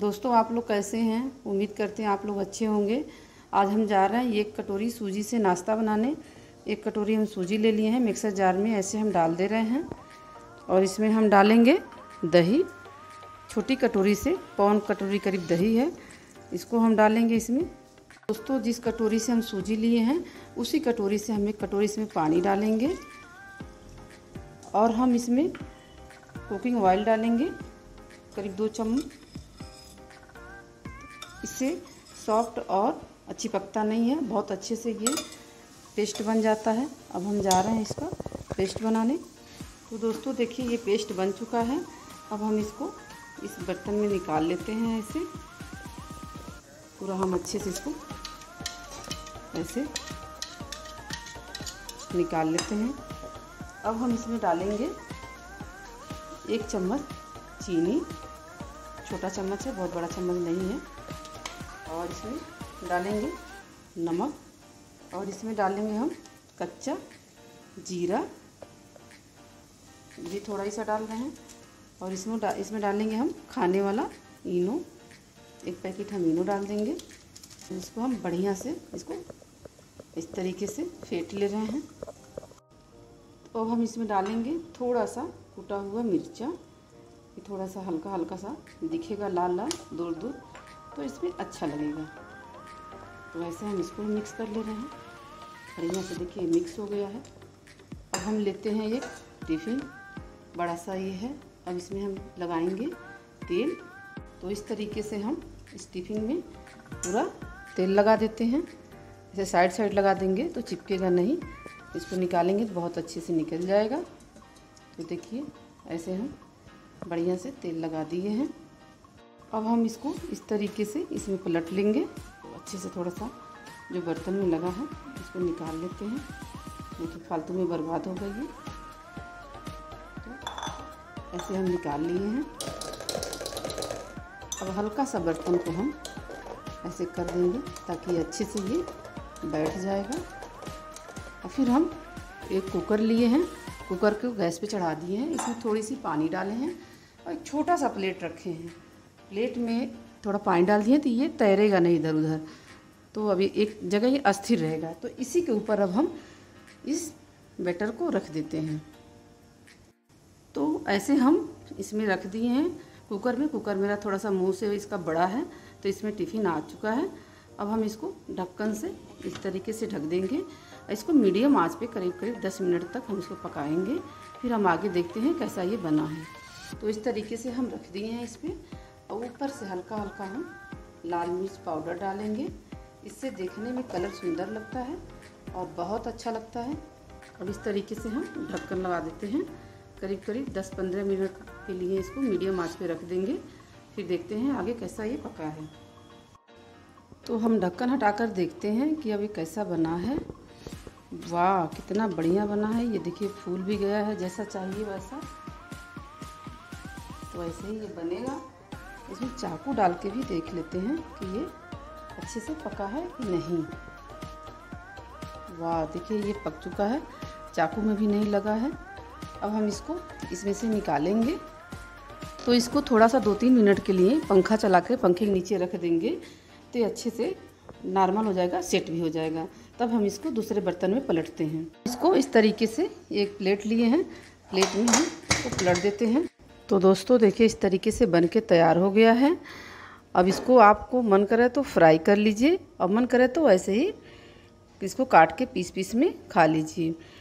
दोस्तों आप लोग कैसे हैं उम्मीद करते हैं आप लोग अच्छे होंगे आज हम जा रहे हैं एक कटोरी सूजी से नाश्ता बनाने एक कटोरी हम सूजी ले लिए हैं मिक्सर जार में ऐसे हम डाल दे रहे हैं और इसमें हम डालेंगे दही छोटी कटोरी से पौन कटोरी करीब दही है इसको हम डालेंगे इसमें दोस्तों जिस कटोरी से हम सूजी लिए हैं उसी कटोरी से हम एक कटोरी इसमें पानी डालेंगे और हम इसमें कुकिंग ऑयल डालेंगे करीब दो चम्मच इससे सॉफ्ट और अच्छी पकता नहीं है बहुत अच्छे से ये पेस्ट बन जाता है अब हम जा रहे हैं इसका पेस्ट बनाने तो दोस्तों देखिए ये पेस्ट बन चुका है अब हम इसको इस बर्तन में निकाल लेते हैं ऐसे पूरा हम अच्छे से इसको ऐसे निकाल लेते हैं अब हम इसमें डालेंगे एक चम्मच चीनी छोटा चम्मच है बहुत बड़ा चम्मच नहीं है और इसमें डालेंगे नमक और इसमें डालेंगे हम कच्चा जीरा ये थोड़ा ही सा डाल रहे हैं और इसमें डा, इसमें डालेंगे हम खाने वाला इनो एक पैकेट हम इनो डाल देंगे इसको हम बढ़िया से इसको इस तरीके से फेंट ले रहे हैं तो हम इसमें डालेंगे थोड़ा सा कूटा हुआ मिर्चा थोड़ा सा हल्का हल्का सा दिखेगा लाल लाल दूर दूर तो इसमें अच्छा लगेगा तो ऐसे हम इसको मिक्स कर ले रहे हैं बढ़िया से देखिए मिक्स हो गया है अब हम लेते हैं एक टिफिन बड़ा सा ये है अब इसमें हम लगाएंगे तेल तो इस तरीके से हम इस टिफिन में पूरा तेल लगा देते हैं इसे साइड साइड लगा देंगे तो चिपकेगा नहीं इसको निकालेंगे तो बहुत अच्छे से निकल जाएगा तो देखिए ऐसे हम बढ़िया से तेल लगा दिए हैं अब हम इसको इस तरीके से इसमें पलट लेंगे अच्छे से थोड़ा सा जो बर्तन में लगा है उसको निकाल लेते हैं नहीं तो फालतू में बर्बाद हो गई है तो ऐसे हम निकाल लिए हैं अब हल्का सा बर्तन को हम ऐसे कर देंगे ताकि अच्छे से ये बैठ जाएगा और फिर हम एक कुकर लिए हैं कुकर को गैस पे चढ़ा दिए हैं इसमें थोड़ी सी पानी डाले हैं और एक छोटा सा प्लेट रखे हैं प्लेट में थोड़ा पानी डाल दिए तो ये तैरेगा नहीं इधर उधर तो अभी एक जगह ये अस्थिर रहेगा तो इसी के ऊपर अब हम इस बैटर को रख देते हैं तो ऐसे हम इसमें रख दिए हैं कुकर में कुकर मेरा थोड़ा सा मुंह से इसका बड़ा है तो इसमें टिफ़िन आ चुका है अब हम इसको ढक्कन से इस तरीके से ढक देंगे इसको मीडियम आंच पे करीब करीब 10 मिनट तक हम इसको पकाएंगे फिर हम आगे देखते हैं कैसा ये बना है तो इस तरीके से हम रख दिए हैं इस पर और ऊपर से हल्का हल्का हम लाल मिर्च पाउडर डालेंगे इससे देखने में कलर सुंदर लगता है और बहुत अच्छा लगता है अब इस तरीके से हम ढक्कन लगा देते हैं करीब करीब 10-15 मिनट के लिए इसको मीडियम आंच पे रख देंगे फिर देखते हैं आगे कैसा ये पका है तो हम ढक्कन हटाकर देखते हैं कि अब ये कैसा बना है वाह कितना बढ़िया बना है ये देखिए फूल भी गया है जैसा चाहिए वैसा तो ऐसे ही ये बनेगा इसमें चाकू डाल के भी देख लेते हैं कि ये अच्छे से पका है कि नहीं वाह देखिए ये पक चुका है चाकू में भी नहीं लगा है अब हम इसको इसमें से निकालेंगे तो इसको थोड़ा सा दो तीन मिनट के लिए पंखा चला कर पंखे के नीचे रख देंगे तो ये अच्छे से नॉर्मल हो जाएगा सेट भी हो जाएगा तब हम इसको दूसरे बर्तन में पलटते हैं इसको इस तरीके से एक प्लेट लिए हैं प्लेट में हम इसको पलट देते हैं तो दोस्तों देखिए इस तरीके से बन के तैयार हो गया है अब इसको आपको मन करे तो फ्राई कर लीजिए अब मन करे तो ऐसे ही इसको काट के पीस पीस में खा लीजिए